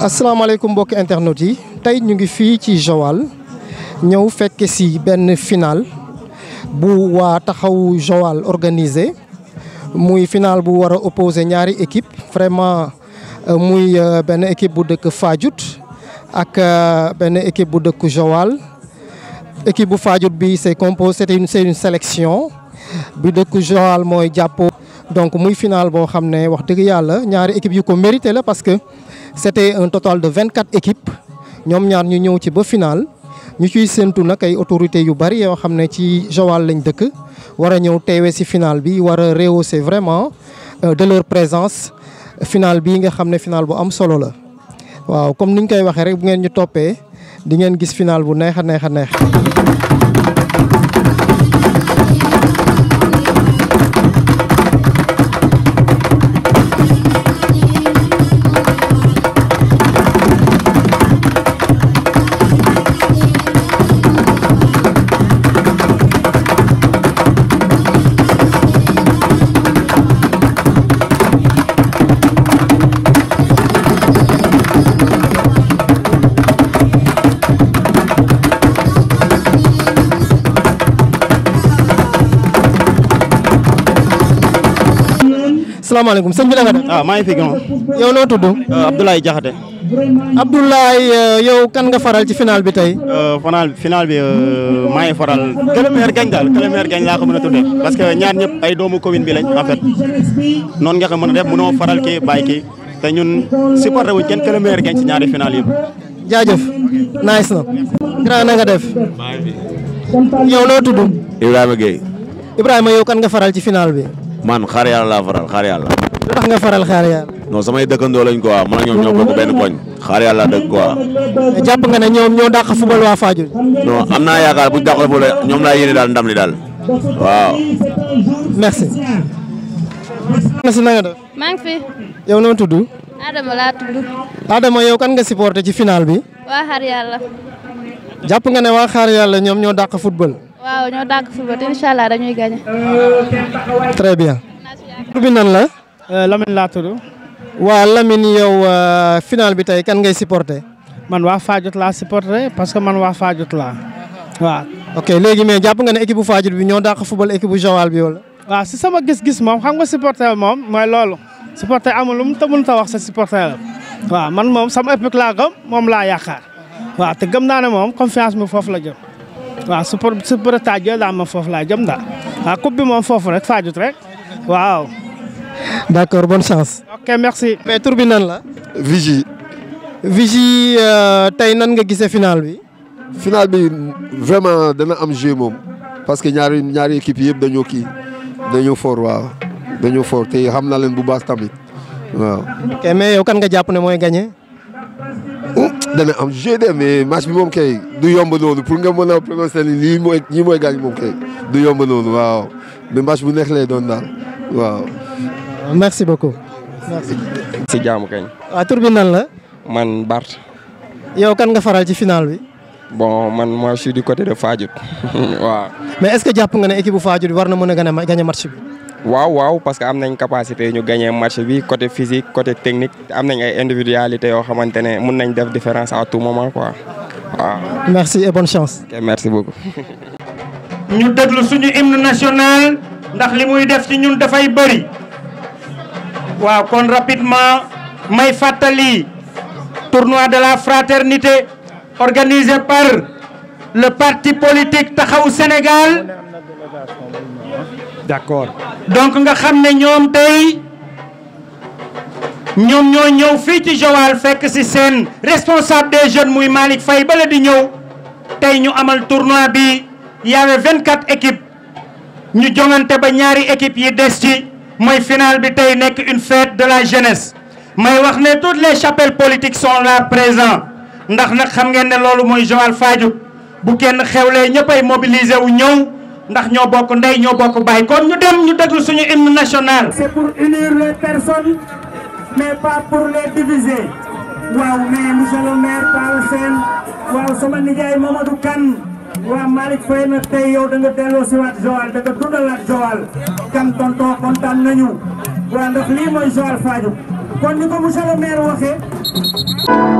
Euh, asalaamaaleykum alaikum internet yi tay ñu ngi fi ci Joal ñëw fekke si ben final bu wa taxaw Joal organisé muy final bu wara a opposé ñaari équipe vraiment euh, muy ben équipe bu dëkk fajout ak ben équipe bu dëkk Joal équipe bu fajout bi c'est composé c'est une c'est une sélection bi dëkk Joal moy jàppoo donc muy final bo xamné wax dëgg yalla ñaari équipe yu ko mérité la parce que c'était un total de 24 équipes ñoom ñaar ñu ñëw ci ba final ñu ciy séentu nag autorité autorités yu bari yoo xam ne ci Joal lañ dëkk war ñëw teewee ci final bi wara a vraiment euh, de leur présence final bi nga xamné finale final bu am solo la waaw comme niñ koy waxé rek bu ngeen ñu topé di ngeen gis final bu neex neex neex. asalaamaaleykum sëñ bi la nga def. ah maa ngi fi gën yow noo tudd. Euh, Abdoulaye Diakhaté. Abdoulaye euh, yow kan nga faral ci final bi tey. Euh, final final bi maa ngi faral Kébémer gañ daal Kébémer gañ laa ko mën a tuddee. parce que ñaar ñëpp ay doomu commune bi lañ en fait noon nga ko mën a def mënoo faral kii bàyyi kii te ñun supporté wuñ kenn Kébémer gañ ci ñaari final yëpp. jaajëf nice na. grand nga def. yow noo tudd. Ibrahima yow kan nga faral ci final bi. man xar yalla laa faral xar yalla tax nga faral xar yalla non samay dëkkandoo lañ quoi man ñom ñoo bokk ben koñ. xar yalla dekk quoi. japp nga ne ñom ñoo dàq football wa Fadiouth. non amna naa bu dakk football ñom la yene dal ndam li dal waaw. merci. merci na nga def. maa ngi fi. yow noo tuddu Adama la tuddu Adama yow kan nga supporter ci final bi. wa xar yalla japp nga ne wa xar yalla ñom ñoo dakk football. waaw ñoo dàq football te incha allah dañuy gagné. très bien. tur nan la. Euh, Lamine laa tudd. waa Lamine yow euh, final bi tey kan ngay supporter. man waa Fadiouth laa supporter parce que man waa Fadiouth laa waaw. ok léegi mais jàpp nga ne équipe bu bi ñoo dàq football équipe bu Joal bi wala. waaw si sama gis-gis moom xam nga supporter moom mooy loolu. supporter amul lu ta mun ta wax sa supporter la. waaw man moom sama équipe laa gëm moom laa yaakaar. waa te gëm naa ne moom confiance mi foofu la jëm. waaw su pour su a taajoo daal ma foofu laa jëm daal waaw coupe bi moom foofu rek Fadiouth rek waaw. d'accord bon chance. ok merci. mais tur bi nan la. Vigi. Vigi euh, tey nan nga gisee final bi. final bi vraiment dana am jeu moom parce que ñaari ñaari équipe yëpp dañoo kii dañoo fort waaw dañoo fort te xam naa leen bu baax tamit waaw. ok yow kan nga jàpp ne mooy gagné. dana am jeu de mais match bi moom kay du yomb noonu pour nga mën a prononcé ni lii mooy ñii mooy gaañ moom kay du yomb noonu waaw mais match bu nekk lay doon daal waaw. merci beaucoup. si jaamu kañ. waaw ah, tur bi nan la. man Bart. yow kan nga faral ci final bi. bon man moi je suis du côté de Fadiouth waaw. mais est-ce que jàpp nga ne équipe bu war na mën a gën a gagner match bi. waaw waaw parce que am nañ capacité gagner gagné match bi côté physique côté technique am nañ ay individualité yoo xamante ne nañ def différence à tout moment quoi merci et bonne chance. merci beaucoup. ñu déglu suñu hymne national ndax li fait, def ci ñun dafay waaw kon rapidement may fàttali tournoi de la fraternité organisé par le parti politique taxaw Sénégal d'accord donc nga xam ne ñoom tey ñoom ñoo ñew fi ci Joal fekk ci seen responsable des jeunes muy Malik Faye bala di ñëw ñu amal tournoi bi y avait 24 équipes ñu jonganté ba ñaari équipes yi dess ci moy finale bi tay nek une fête de la jeunesse may wax né toutes les chapelles politiques sont là présents ndax nak xam ngeen né lolu moy Joal Fadiouth bu kenn xewlé ñëppay mobiliser wu ñew ndax ñoo bokk ndey ñoo bokk baay kon ñu dem ñu déglu suñu hymne national. c'est pour unir les personnes mais pas pour les diviser waaw mais monsieur le maire Paul Sène waaw sama nijaay Mamadou Kane waaw Malick Faye nag tey yow da nga delloo si waat Joal da nga dundalaat Joal kan tonton kontaan nañu waaw ndax lii mooy Joal Fadiouth kon ni ko monsieur le maire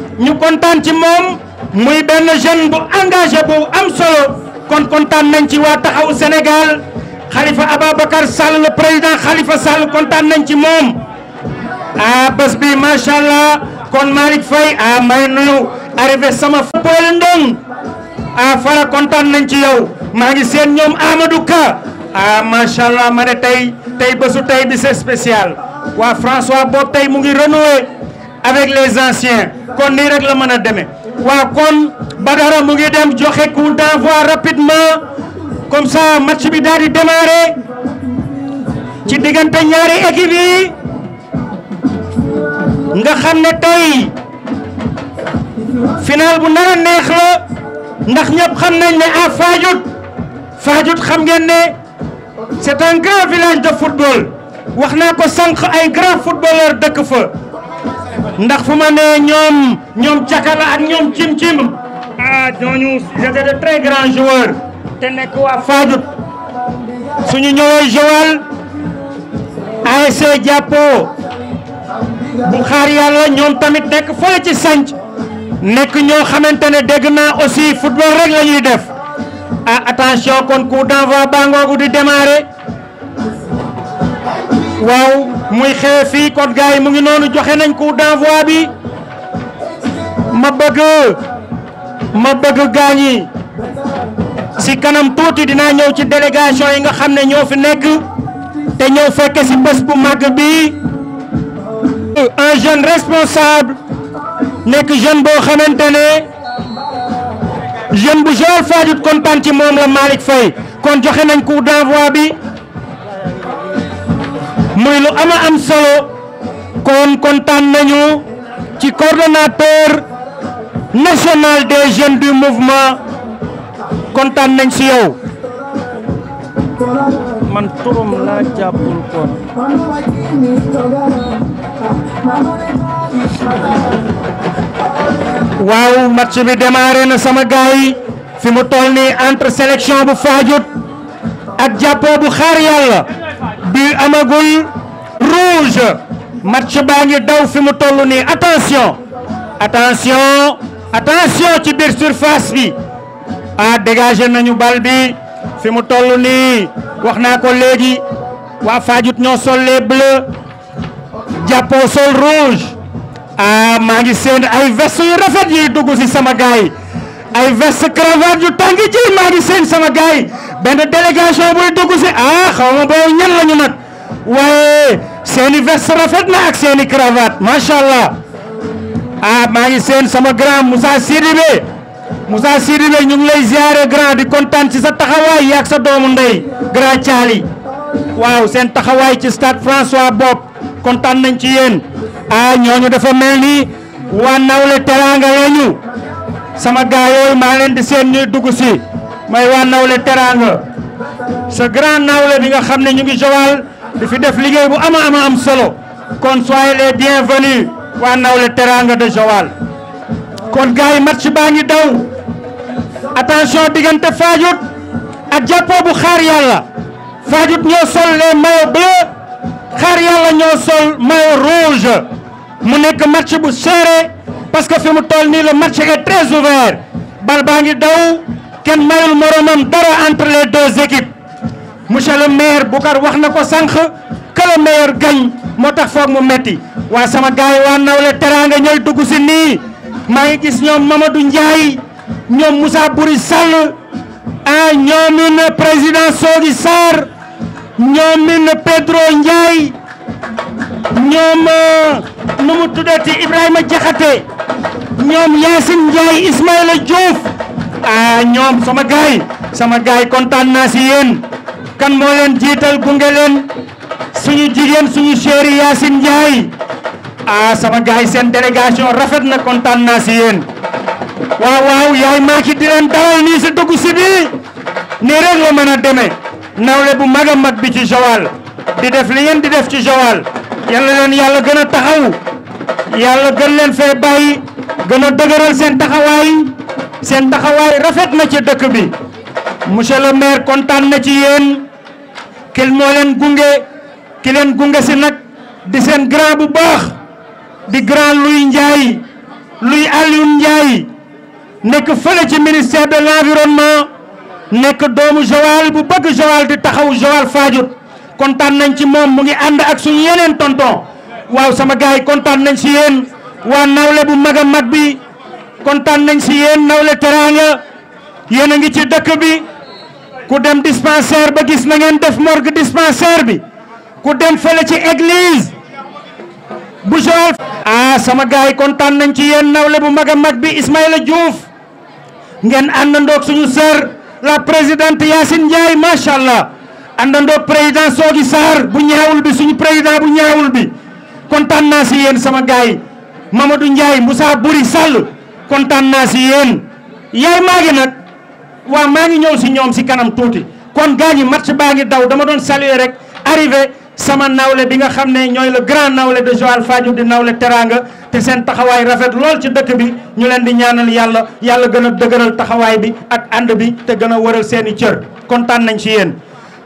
ñu contane ci mom muy ben jeune bu engagé bu am solo kon contane nañ ci wa taxaw Sénégal Khalifa ababakar Sall le président Khalifa Sall contane nañ ci mom ah bas bi macha allah kon malik fay ah may nuyu arrivé sama football Ndong ah fara contane nañ ci yow ma ngi seen ñom Amadou Ka ah macha allah ma tay tay tey tay bi c'est spécial wa François boobu tay mu ngi renouer avec les anciens kon ni rek la mën a Wa waaw kon Badara mu ngi dem joxe coup d'envoi rapidement comme ça match bi daal di démarrer ci diganté ñaari équipe yi nga xamné tay final bu nar a neex la ndax ñep xam nañ ne à Fadiouth xam ngeen né c'est un grand village de football waxna ko sànq ay grand footballeur de fa. ndax fu ma nee ñoom ñoom cakala ak ñoom cim-cim ah ñooñu j'étais de très grands joueurs te nekk waa Fadiouth suñu ñëwee Joal ASC jàppoo bu xaar yàlla ñoom tamit nekk fële ci sanc nekk ñoo xamante ne dégg naa aussi football rek la ñuy def ah attention kon coup d'envoi baa ngoogu di démarrer waaw muy xew fii kon gars yi mu ngi noonu joxe nañ coup d'envoi bi ma bëgg ma bëgg gars si kanam tuuti dina ñëw ci délégation yi nga xam ne ñoo fi nekk te ñëw fekke si bés bu màgg bi un jeune responsable nekk jeune boo xamante ne jeune bu Joal Fadiouth kontaan ci moom la Malick Faye kon joxe nañ coup d'envoi bi moy lu ama am solo kon kontaan nañu ci coordinateur national des jeunes du mouvement kontaan nañ ci yow man turum la jàppul kon waaw match bi démarré na sama gaay fi mu entre sélection bu fajut ak jappo bu xaar yalla bi amagul rouge match baa ngi daw fi mu tollu ni attention attention attention ci bir surface bi a dégager nañu bal bi fi mu tollu ni waxna ko légui wa Fadiouth ñoo sol les bleus sol rouge ah maa ngi seen ay veste yu rafet yi dugg ci sama gaay ay veste cravate yu tangi ci maa ngi seen sama gay ben benn délégation buy dugg ah xawma bo ñan lañu nak waye waaye seen veste rafet na ak seen cravate ma sha allah ah maa ngi seen sama grand Moussa Sidibé Moussa Sidibé ñu ngi lay ziaré grand di contane ci sa taxaway yak sa doomu ndey grand Tiali waaw seen taxaway ci stade François Bob contane nañ ci yeen ah ñoñu dafa melni wa nawle teranga lañu sama gaay malen maa di sen ñuy dugg si may wa nawle teranga sa grand nawle bi nga xamne ñu ngi jowal di fi def bu ama ama am solo kon soyez les bienvenus wa nawle teranga de jowal kon gay match ba ngi daw attention digante fajut. ak jappo bu xaar yalla Fadiouth ñoo sol les maillots nyosol xaar yalla ñoo sol maillot rouge mu nek match bu serré parce que fi mu toll le match était très ouvert bal baa daw ken mayul moromam dara entre les deux équipes monsieur le maire Boucar wax na ko sànq que le meilleur gagne motax tax foog mu metti wa sama gars yi waa nawle teranga ñooy dugg si nii maa ngi gis ñoom Mamadou ndjay ñom Moussa bouri Sall ah ñoomin président Sogui Sarr ñoomin Pedro ndjay ñom euh, numu tudati Ibrahima Diakhaté ñom yasin jay ismaila Diouf ah ñom sama gay sama gay kontan na ci yeen kan moo jital jiital gunge len suñu jigen suñu chéri yasin jay ah sama gay sen délégation rafet na kontan na wow yeen waaw waaw yaay maaki di len dalal ni ci dugg ci bi nii rek la démé nawle bu maga mag bi ci jowal di def li ngeen di def ci jowal yalla len yalla gëna taxaw yalla gën len fay bayyi gëna a dëgëral seen taxaway seen taxaway rafet na ci dëkk bi monsieur le maire contane na ci yeen kel mo len gungé ki len gungé ci nak di seen grand bu baax di grand Luy Ndiaye Luy Alioune Ndiaye nek feulé ci ministère de l'environnement nek doomu Joal bu bëgg Joal di taxaw Joal fajur, contane nañ ci mom mu ngi and ak suñu yeneen tonton waaw sama gaay contane nañ ci yeen waa nawle bu mag a mag bi kontaan nañ si yéen nawle teraanga yéen a ngi ci dëkk bi ku dem dispensaire ba gis na ngeen def morgue dispensaire bi ku dem fële ci église bu Joal ah sama gars yi kontaan nañ ci yéen nawle bu mag mag bi Ismaïla Diouf ngeen àndandoog suñu ser la présidente Yacine Ndiaye macha allah àndandoog président Soogi Sarr bu ñaawul bi suñu président bu ñaawul bi kontaan naa si yéen sama gars yi Mamadou Ndiaye Moussa Buri Sall kontaan naa si yéen yaay maa ngi nag waaw maa ngi ñëw si ñoom si kanam tuuti kon gaa ñi match baa ngi daw dama doon saluer rek arrivé sama nawle bi nga xam ne ñooy le grand nawle de Joal Fadiouth di nawle teraanga te seen taxawaay rafet lool ci dëkk bi ñu leen di ñaanal yàlla yàlla gën a dëgëral taxawaay bi ak ànd bi te gën a wëral seeni i cër kontaan nañ si yéen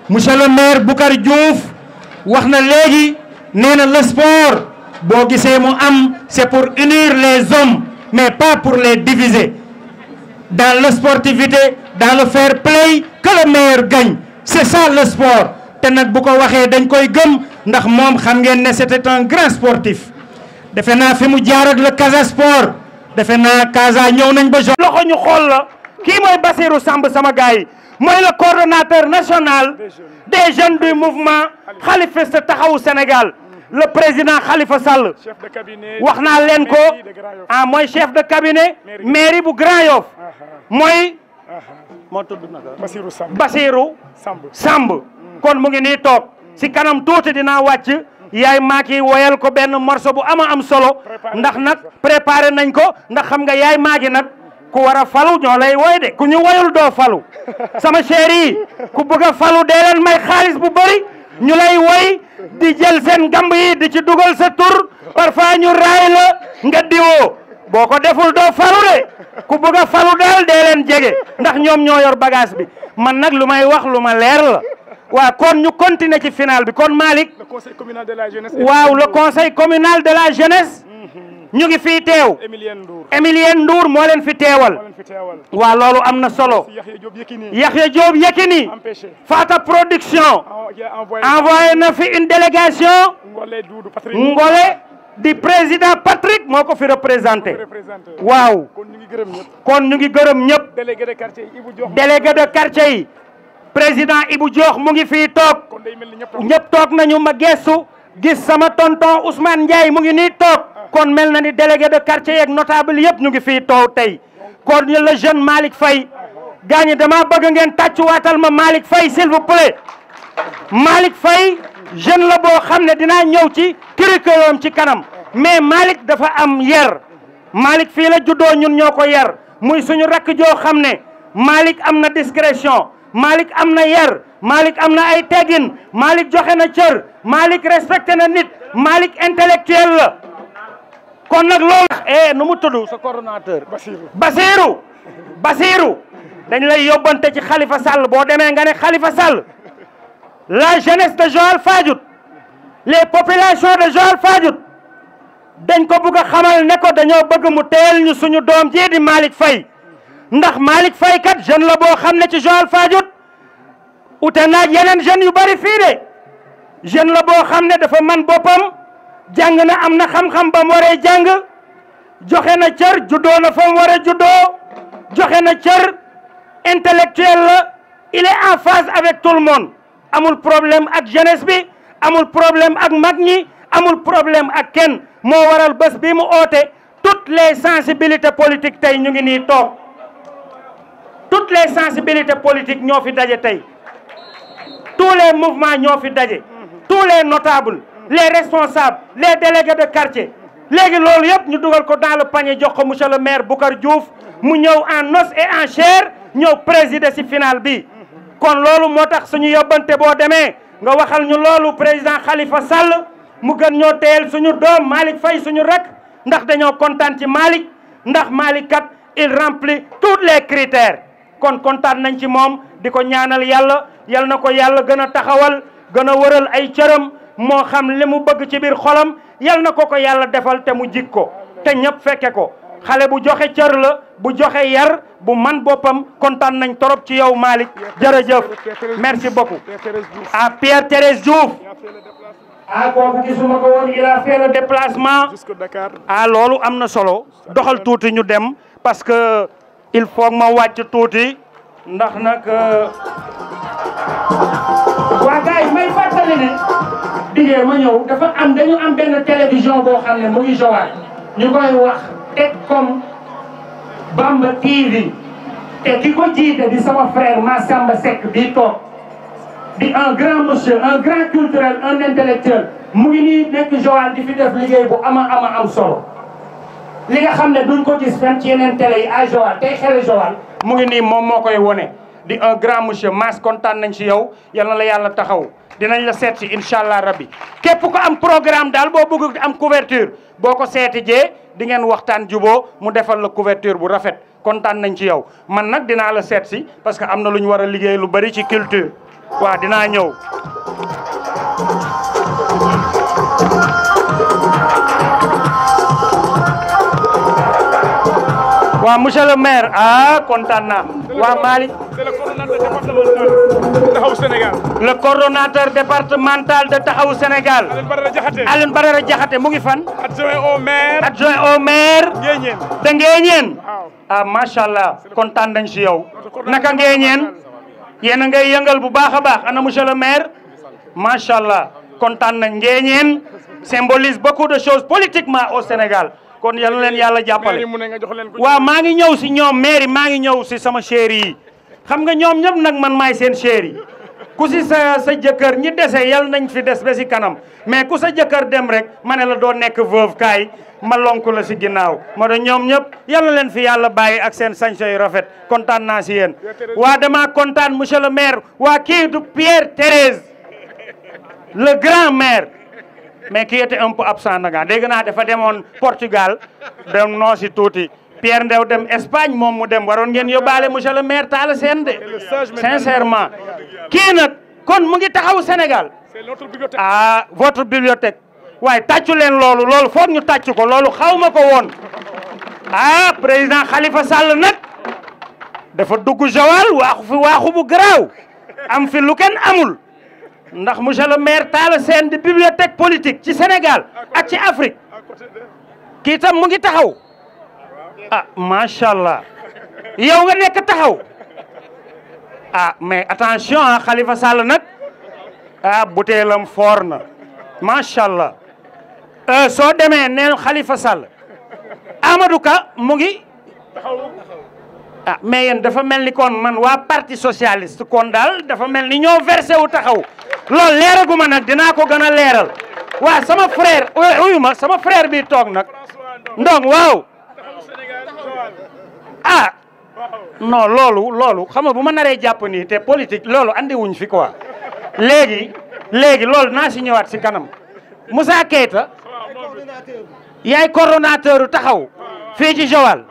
monsieur le maire Boucar Diouf wax na léegi nee na le sport boo c'est mon am c'est pour unir les hommes mais pas pour les diviser dans la sportivité dans le fair play que le meilleur gagne c'est ça le sport te nag bu ko waxee dañ koy gëm ndax xam ngeen c'était un grand sportif defe naa fi mu ak le Casa Sport defe naa Casa ñëw nañ ba jon loxo ñu xool la kii mooy Bassirou Samb sama le coordonnateur national des jeunes du mouvement Khalifa taxawu Sénégal le président Khalifa Sall wax naa ko ah moy chef de cabinet maire ah, bu Grand yof ah, ah. moy mo tuddu naka Basirou Samb Basirou Samb hmm. kon mo ngi ni tok hmm. si kanam tuuti dina wacc hmm. yaay maaki woyal ko ben morceau bu ama am solo ndax nak préparer nañ ko ndax xam nga yaay maagi nak ku wara falu ñolay woy de ku ñu woyul do falu sama chéri ku bëgg falu de len may xaalis bu bari ñu lay woy di jël seen gamb yi di ci dugal sa tur parfois ñu raay la nga boo ko deful doo falu de ku bëgg a falu daal dee leen jege ndax ñoom ñoo yor bagage bi man nag lu may wax lu ma leer la waaw kon ñu continuer ci final bi kon Malick waaw le conseil communal de la jeunesse ñu ngi fi tew Emilien Ndour mo len fi tewal wa lolu job solo yahya job Yekini Fata Production envoyé na fi une délégation ngolé di président Patrick moko fi représenter waaw kon ñu ngi gërëm ñep délégué de quartier diokh président Ibou diokh mu ngi fi tok ñep tok nañu ma gessu gis sama tonton Ousmane Ndiaye mu ngi ni tok kon mel na ni délégué de quartier yeeg notable yëpp ñu ngi fii toow tey kon la jeune Malick Faye gars dama damaa bëgg ngeen tàccuwaatal ma Malick Faye s'il vous plaît Malick Faye jeune la boo xam ne dinaa ñëw ci curriculum ci kanam mais Malick dafa am yar Malick fii la juddoo ñun ñoo ko yar muy suñu rakk joo xam ne Malick am na discrétion Malick am na yar Malick am na ay teggin Malick joxe na cër Malick respecté na nit Malick intellectuel la كون نك لول ايه نمو تودو سو كورناتور باسيرو باسيرو دنج لا يوبانتي سي خليفه سال بو ديمي غاني خليفه سال لا جينيس دي جوال فاجوت لي بوبولاسيون دي جوال فاجوت دنج كو بوغا خمال نيكو دانيو بوغ مو تيل ني سونو دوم جيدي مالك فاي ندخ مالك فاي كات جن لا بو خامل سي جوال فاجوت اوتنا يينن جن يو بري فيني جن لا بو خامل دا فا مان بوبام jàng na am xam-xam ba mu jang jàng joxe na cër juddoo na fa mu waree intellectuel la il est en phase avec tout le monde amul problème ak jeunesse bi amul problème ak mag ñi amul problème ak Ken. mo waral bës bi mu oté toutes les sensibilités politiques tay ñu ngi ni tok toutes les sensibilités politiques ñoo fi tous les mouvements ñoo fi tous les notables les responsables les délégués de quartier Légui loolu yëpp ñu duggal ko dans le panier jox ko monsieur le maire Boucar Diouf mu ñew en os et en chair ñew présider ci final bi kon loolu motax suñu yobante bo démé nga waxal ñu loolu président Khalifa Sall mu gën ñoo teyel suñu doom Malick Faye suñu rek ndax dañoo kontaan ci Malick ndax Malick kat il remplit tous les critères kon kontaan nañ ci mom diko ñaanal Yalla Yalla nako Yalla gëna taxawal gëna wëral ay cëram moo xam li mu bëgg ci biir xolam yal na ko ko yàlla defal te mu jig ko te ñëpp fekke ko xale bu joxe cër la bu joxe yar bu man boppam kontaan nañ trop ci yow Malick jërëjëf merci beaucoup à Pierre Thérèse Diouf a fait le déplacement ah loolu am na solo doxal tuuti ñu dem parce que il faut ma wàcc tuuti ndax nag euh, waa gars yi may ne diggee ma ñëw dafa am dañu am benn télévision boo xam ne mu ngi Joal ñu koy wax Tekcom Bamba TV te ki ko jiite di sama frère Massamba Seck bi toog di un grand monsieur un grand culturel un intellectuel mu ngi nii nekk Joal di fi def liggéey bu ama ama am solo li nga xam ne duñ ko gis fenn ci yeneen tele yi à Joal tey xele Joal mu ngi nii moom moo koy wone di un grand monsieur Mass kontaan nañ si yow yal na la yàlla taxaw dinañ la seet si incha allah rabbi képp ko am programme daal boo bëgg am couverture boo ko seeti jee di ngeen waxtaan juboo mu defal la couverture bu rafet kontaan nañ ci yow man nag dinaa la seet si parce que am na lu ñu war a liggéey lu bari ci culture waaw dinaa ñëw wa monsieur le maire ah contana wa Mali le coordonnateur départemental de Taxawu Senegal. alen barara jaxate mo ngi fan adjoint au maire adjoint au maire da ngeeñeen ah macha allah kontaan nañ ci yow naka ngeñen yen nga ngay yëngal bu baax baax ana monsieur le maire macha allah kontaan nañ symbolise beaucoup de choses politiquement au Sénégal kon yal na leen yàlla jàppale waa maa ngi ñëw si ñoom mairie maa ngi ñëw si sama chéri yi xam nga ñoom ñëpp nag man maay seen chéri ku si sa sa jëkkër ñi dese yal nañ fi des ba si kanam mais ku sa jëkkër dem rek ma ne la doo nekk veuve kaay ma lonk la si ginnaaw moo tax ñoom ñëpp yal na leen fi yàlla bàyyi ak seen sañse yu rafet kontaan naa si yéen waa dama kontaan monsieur le maire waa kii du Pierre Thérèse le grand maire mais qui était un peu absent nag dégg naa dafa demoon Portugal dem noosi tuuti Pierre Ndew dem Espagne moom mu dem waroon ngeen yóbbaale monsieur le maire Talla Sène de sincèrement kii nag kon mu ngi taxaw Sénégal ah votre bibliothèque waaye tàccu leen loolu loolu foog ñu tàcc ko loolu xaw ma ko woon ah président Khalifa Sall nag dafa dugg Joal waaxu fi waaxu am fi lu amul ndax monsieur le maire Talla sen di bibliothèque politique ci Sénégal ak ci Afrique ki tam mu ngi taxaw ah macha allah yow nga nek taxaw ah mais attention ah Khalifa Sall nak ah buteelam forna na macha allah euh, soo demee neel Khalifa Sall Amadou Ka mu ngi ah mais yeen dafa melni kon man wa parti socialiste kon dal dafa melni ño versé wu taxaw loolu guma nak dina ko gën wa sama frère uyu ma sama frère bi tok nak ndong waaw ah non lolou lolou xama buma bu japp ni te politique lolou andi wuñ fi quoi legi léegi nasi na si ñëwaat ci kanam musa Keita yaay coordonnateur taxaw fi ci Joal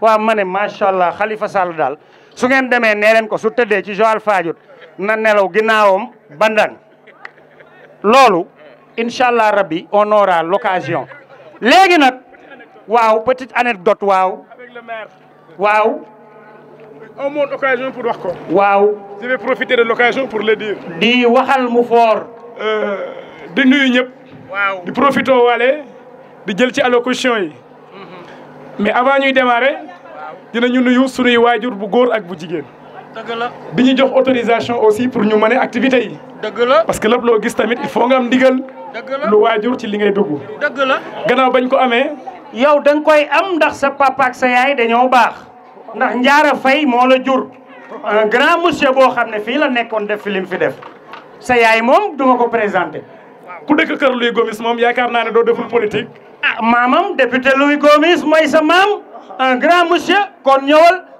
wa mané machallah Khalifa Sall dal su ngeen démé né len ko su ci Joal fadiou na nelaw ginnaawam bandang loolu incha rabbi on aura l'occasion léegi nak waaw petite anecdote waaw waaw un mot d'occasion pour wax ko waaw je vais profiter de l'occasion pour le dire di waxal mu euh di nuyu ñep waaw di profito walé di jël ci allocution yi mhm. mais avant ñuy démarrer ñu nuyu suñu wajur bu goor ak bu jigen dëgg la bi jox autorisation aussi pour ñu mener activité yi. la parce que lépp loo gis tamit il faut nga am ndigal. lu wajur ci li ngay dugg. deug la gannaaw bañ ko amé yow dang koy am ndax sa papa ak sa yaay dañoo bax ndax Ndiara fay mo la jur un grand monsieur bo xamné ne la nekkoon def fi fi def sa yaay mom duma ko présenter ku dëkk kër Louis Gomis mom yaakar naa do doo deful politique. ah mamam député Louis Gomis moy sa mam un grand monsieur kon ñëwal.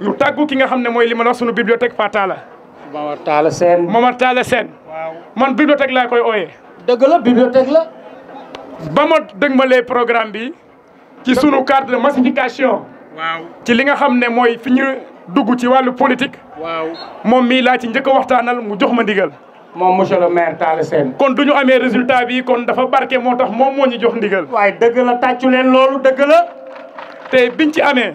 ñu tàggu ki nga xam ne mooy li ma wax sunu bibliothèque Fa Talla. Momar Talla Sène. Momar Talla Sène. waaw man bibliothèque laa koy ooyee. dëgg la bibliothèque la. ba ma dëgmalee programme bi ci sunu carte de massification. ci li nga xam ne mooy fi ñu dugg ci wàllu politique. waaw moom mii laa ci njëkk a waxtaanal mu jox ma ndigal. moom monsieur le maire Talla Sène. kon du ñu amee résultat bi kon dafa barke moo tax moom moo ñu jox ndigal. waaye dëgg la tàccu leen loolu dëgg la. te biñ ci amee.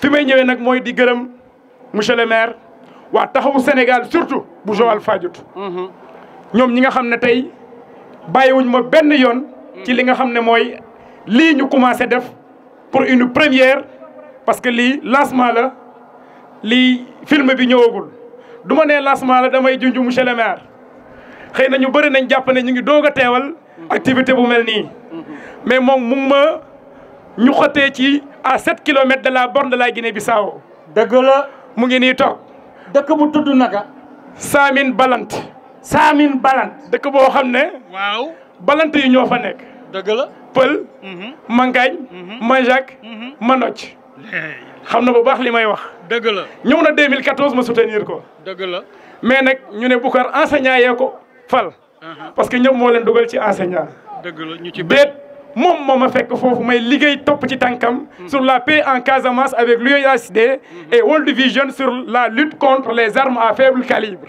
fi may ñëwee nag mooy di gërëm monsieur le maire waa taxawu Sénégal surtout bu Joal Fadiouth mhm. ñoom ñi nga xam ne tey bàyyiwuñ ma benn yoon ci li nga xam ne mooy lii ñu commencé def pour une première parce que lii lancement la lii film bi ñëwagul du ne nee lancement la damay junj monsieur le maire xëy na ñu bëri nañ jàpp ne ñu ngi doog a teewal mhm. activité bu mel nii mhm. mais moom mu ma ñu xotee ci à 7 kilomètres de la borne de la Guinée-Bissau. dëgg mu ngi nii toog. dëkk bu tudd naka. Saamin Balant. Saamin Balant. dëkk boo xam ne. waaw Balant yi ñoo fa nekk. dëgg la Pël. Mangaañ. ma Manoc. xam na bu baax li may wax. dëgg la ñëw na 2014 ma soutenir ko. dëgg la mais nag ñu ne Boucar enseignant yee ko fal. Uh-huh. parce que ñoom moo leen dugal ci enseignant. dëgg ñu ci béet. Mon fait ma que faut me liguer ci sur la paix en Casamance avec l'UASD et World Vision sur la lutte contre les armes à faible calibre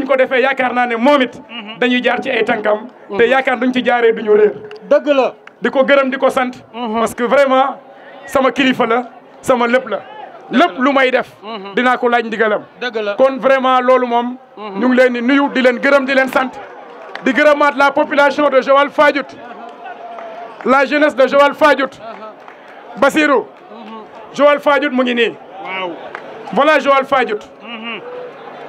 suñ ko defee mhm. un mhm. mhm. parce que vraiment sama kilifa la sama lepp la lepp lu may def dina ko laaj ndigalam vraiment mom, ñu ngi nuyu la population de Joal la jeunesse de Joal Fadiout Basirou Joal Fadiout mu ngi voilà Joal Fadiout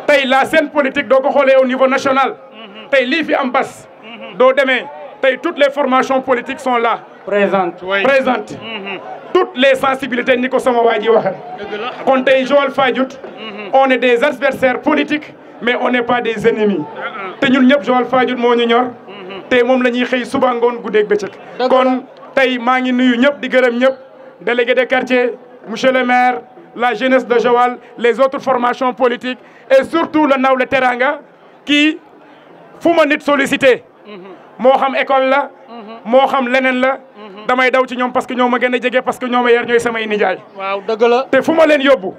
tay la scène politique do ko xolé au niveau national mhm. tay li fi am bas mhm. do démé tay toutes les formations politiques sont là. présentes présentes. Mhm. toutes les sensibilités niko sama waa waxe kon tay Joal fadiout on est des adversaires politiques mais on n'est pas des ennemis. té ñun ñëpp Joal fadiout mo ñu ñor. té mom lañuy xey suba ngone goudé ak bëcëk kon tay ma ngi nuyu ñëpp di gërëm ñëpp délégué de quartier monsieur le maire la jeunesse de Joal, les autres formations politiques et surtout le Nawle Teranga qui fuma nit sollicité. Moham xam école la. Moham xam lenen la. damay daw ci ñom parce que ñoma ma gën parce que ñoma ma yar ñooy samay nijaay. waaw deug la té fuma ma yobbu yóbbu.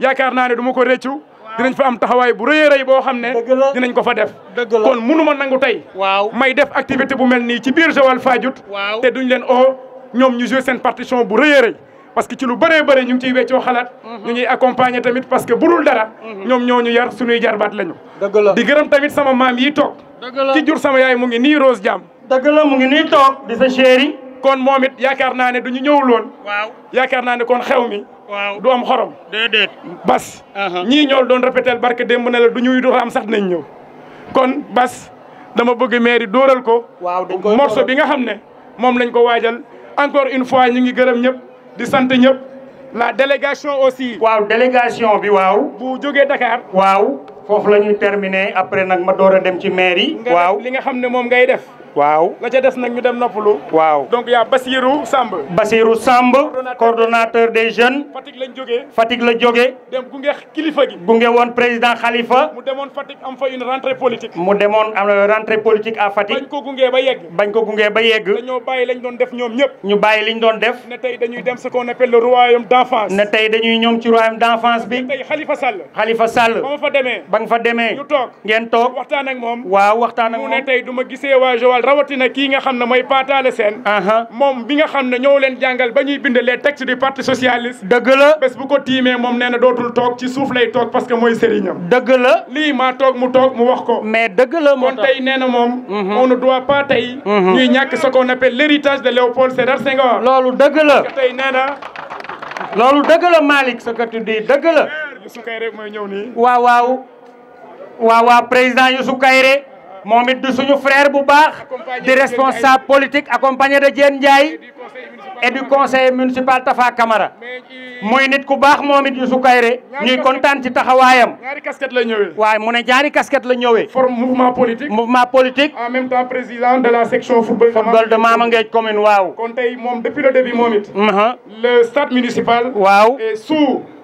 yaakaar naa ne du ko rëccu. dinañ fa am taxaway bu rëy a bo xamné dinañ ko fa def. kon munu nangu waaw may def activité bu melni ci bir Joal Fadiouth. waaw te duñ len o ñom ñu jouer sen partition bu parce que ci lu bare bare ñu ci wéccio xalat mhm. ñu ñi accompagner tamit parce que burul dara. Mhm. ñom ñoo ñu yar suñu jarbat lañu. la di gërëm tamit sama mam yi toog. ci jur sama yaay mu ngi ni Rose jam deug la mu ngi ni tok di sa chéri. kon momit yaakar naane duñu ne won waaw yaakar naane kon xew mi. waaw du am xorom. dedet bas. ñi ñol doon répéter barke démb ne la duñu yu am sax nañ ñew kon bas dama bëgg mairie dóoral ko. waaw morceau bi nga xamne ne lañ ko wajal encore une fois ñu ngi gërëm ñep di sant ñep la délégation aussi. waaw délégation bi waaw. bu jógee Dakar. waaw fofu lañuy terminer après nak ma doora dem ci mairie. waaw li nga xamné mom ngay def. waaw la ca des nag ñu dem noppalu. waaw donc y' a Basirou Samb. Basirou Samb coordonnateur des jeunes. Fatick la jógee. Fatick la jógee. dem gunge kilifa gi. gunge woon président Khalifa. mu demoon Fatick am fa une rentrée politique. mu demoon am rentrée politique à Fatick. bañ ko gungee ba yegg. bañ ko gunge ba yegg. dañoo bàyyi lañ doon def ñoom ñëpp. ñu bàyyi liñ doon def. ne tey dañuy dem ce qu'on appelle le royaume d'enfance. ne tey dañuy ñoom ci royaume d'enfance bi. tey Khalifa Sall. Khalifa Sall. ba fa demee. ba nga demee. ñu toog ngeen toog. waxtaan moom. waaw waxtaan ma gisee rawatina kii nga xam ne mooy Pataale Sène moom bi nga xam ne ñoo leen jàngal ba ñuy bind les textes du parti socialiste dëgg la bés bu ko tiimee moom nee na dootul toog ci suuf lay toog parce que mooy sëriñam dëgg la lii maa toog mu toog mu wax ko mais dëgg la moo tax kon nee na moom mhm. on ne doit pas tey mhm. ñuy ñàkk ce qu'on appelle l'héritage de Léopold Sédar Senghor loolu dëgg la tey nee na loolu dëgg la Malick sa ka tuddi mooy ñëw ni waa waaw président Youssou Kayré momit du suñu frère bu baax di responsable politique accompagné de Diène Ndiaye et du conseil municipal Tafa Camara moy nit ku baax momit it Youssou Kayré ñuy contane ci taxawayam ñaari casquette la mu né ñaari casquette la ñëwé forme mouvement politique. mouvement politique. en même temps président de la section football. football de Mamanguej commune waaw. kon tay mom depuis le début momit le stade municipal. waaw et sous.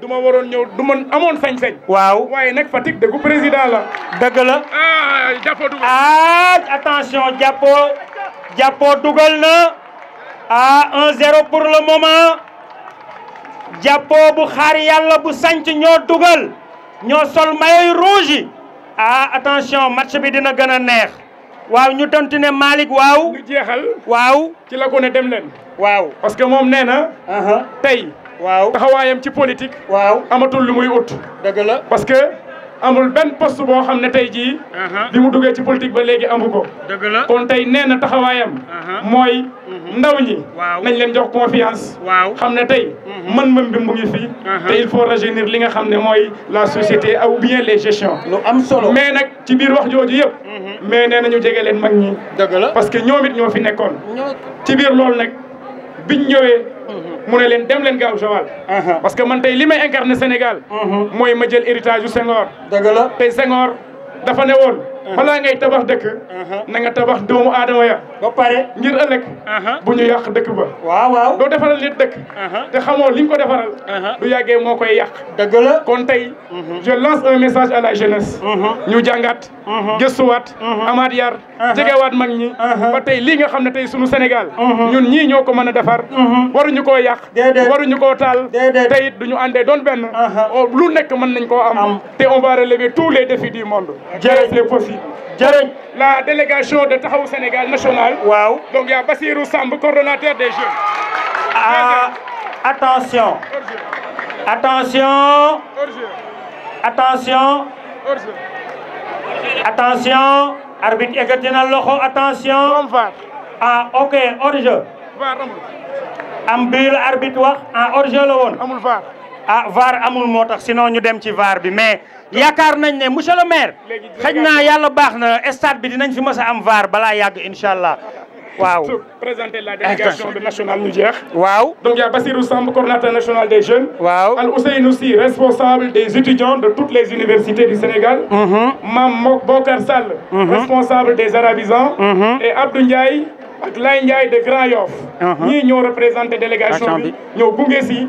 duma ma waroon duma amone ma amoon sañ waye nak fatik de gu président la. deug la. ah jappo dugal. ah attention jappo jappo dugal na ah 1-0 pour le moment jappo bu xaar yalla bu sanc ñoo dugal ñoo sol maillot rouge ah attention match bi dina gëna neex. waaw ñu tontu ne Malick waaw. ñu jéxal waaw ci la ko ne dem len waaw parce que moom nee na. Uh-huh. tay waaw politique. waaw la parce que amul ben poste uh-huh. politique ba léegi amu ko. dëgg la kon uh-huh. mm-hmm. ndaw confiance. Mm-hmm. Uh-huh. il faut régénérer li nga la société ou bien les gestions. mais mm-hmm. mais parce que nous sommes. biñ ñëwee mhm. mu ne leen dem leen gaaw Joal mhm. parce que man tey li may incarné Sénégal mhm. mooy ma jël héritage yu Senghor dëgg la tey Senghor dafa ne woon Uh-huh. balaa ngay tabax dëkk uh-huh. na nga tabax doomu aadama ya ba pare ngir ëllëg uh-huh. bu ñu yàq dëkk ba waaw waaw doo defaral nit dëkk te xamoo li nga ko defaral du yàggee moo koy yàq dëgg kon tey je lance un message à la jeunesse ñu jàngat gëstuwaat amaat yar jegewaat mag ñi ba tey lii nga xam ne tey sunu Sénégal ñun ñii ñoo ko mën a defar ñu waruñu koo yàq waruñu koo taal tey it duñu àndee doon benn oh, lu nekk mën nañ koo am te on va relever tous les défis du monde jërëjëf les possibles La délégation de Tahaou Sénégal national. Wow. Donc il y a Bassirou Samb, coordonnateur des jeux. Ah, attention. Attention. Attention. Attention. Arbitre attention. Ah OK, hors-jeu. arbitre ah, hors ah VAR amul sinon nous dem VAR mais yaakaar nañ ne monsieur le maire xëj yalla baxna stade bi dinañ fi mës a am var bala yag inshallah waaw. présenter la délégation de national mu waaw donc y' a Samb coordinateur national des jeunes. waaw Al Ousseynou Sy responsable des étudiants de toutes les universités du Sénégal. Mm-hmm. Mame Bokar Sall. Mm-hmm. responsable des arabisans. Mm-hmm. et Abdou Ndiaye ak Lay Ndiaye de Grand Yoff. ñi ñoo représenter délégation bi ñoo bungé si.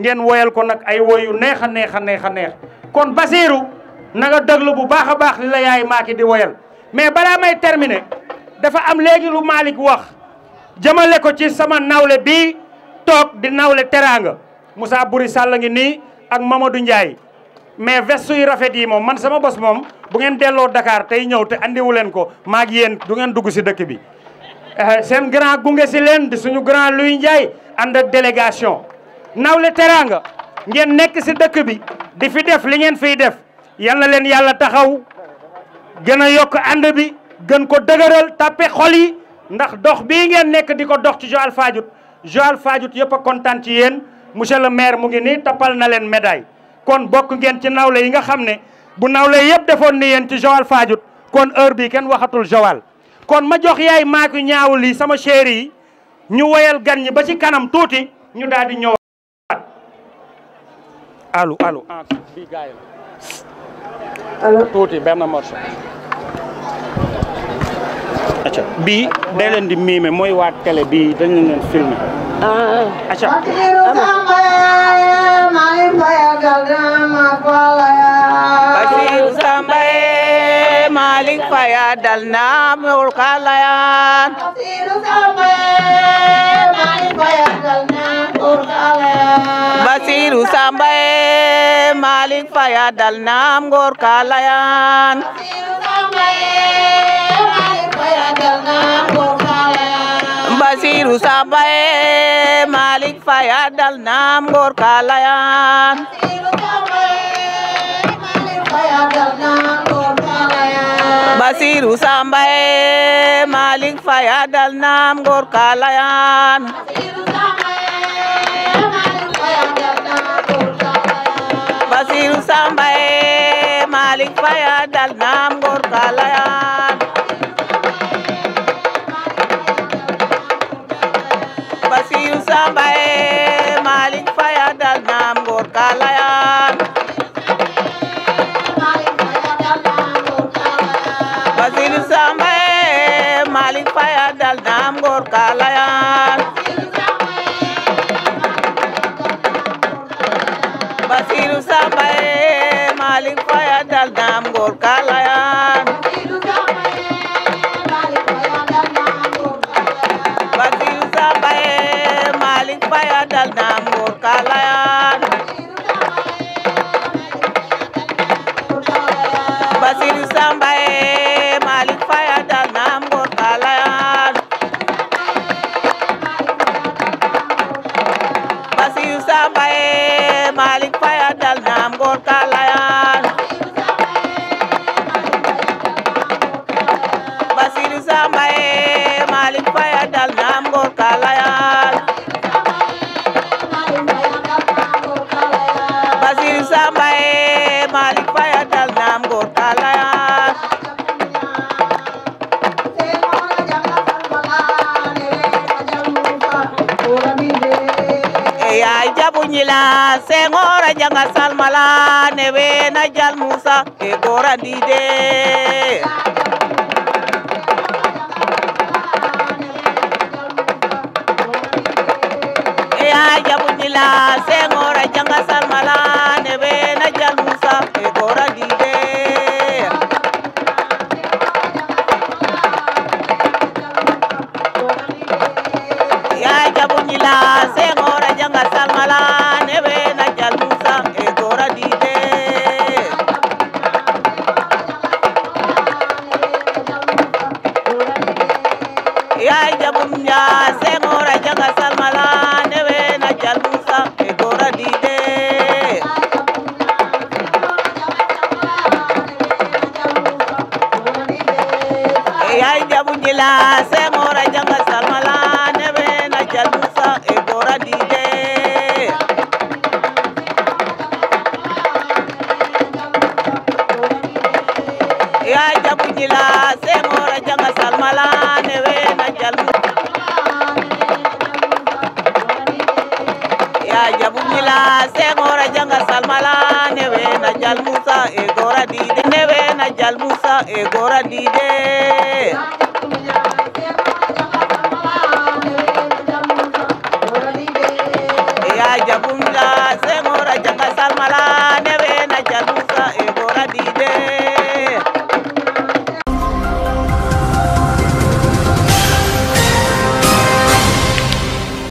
ngeen woyal ko nak ay woyu yu neex a neex neex neex kon basiru na nga déglu bu baakha baax li la yaay maaki di woyal mais bala may terminer dafa am legi lu malik wax jamale ko ci sama nawle bi tok di nawle teranga musa Buri Sall ngi nii ak Mamadou ndjay mais vestu yi rafet yi mom man sama boss mom bu ngeen delo Dakar tay ñew te andi wulen ko maak yeen du ngeen dugg ci dekk bi eh, sen grand gungé ci lène di suñu grand Louis ndjay and ak délégation nawle teranga ngeen nek ci dekk bi di fi def li ngeen fi def yalla len yalla taxaw gën yok and bi gën ko degeural tapé xol yi ndax dox bi ngeen nek diko dox ci Joal fadjout Joal fadjout yepp contante ci yeen monsieur le maire mu ngi ni tapal na len médaille kon bok ngeen ci nawle yi nga xamne bu nawle yepp defon ni yeen ci Joal fadjout kon heure bi wahatul waxatul Joal kon ma jox yaay maaku ñaawul sama chéri ñu wayal gan ñi ba ci kanam tuti ñu daal di ñoo alu alu en bii gars yi la. allo tuuti benn morceau. acca bii day leen di miime mooy waa télé bii dañ leen leen filmé. Ah. acca. Basiru Samba malik faya dal na mewul ka layan malik faya dal na mewul ka layan basiru malik faya dal na mewul basiru sambe malik malik faya dal na mewul Bassirou Sambaye Malik faya a dalnam Gor Kalayan. layan Bassirou Malik faya Faye Nam dalnam Kalayan. ka layan total salmala newena jal musa e gorandide kum ya se ngora I di de na jal e gora di de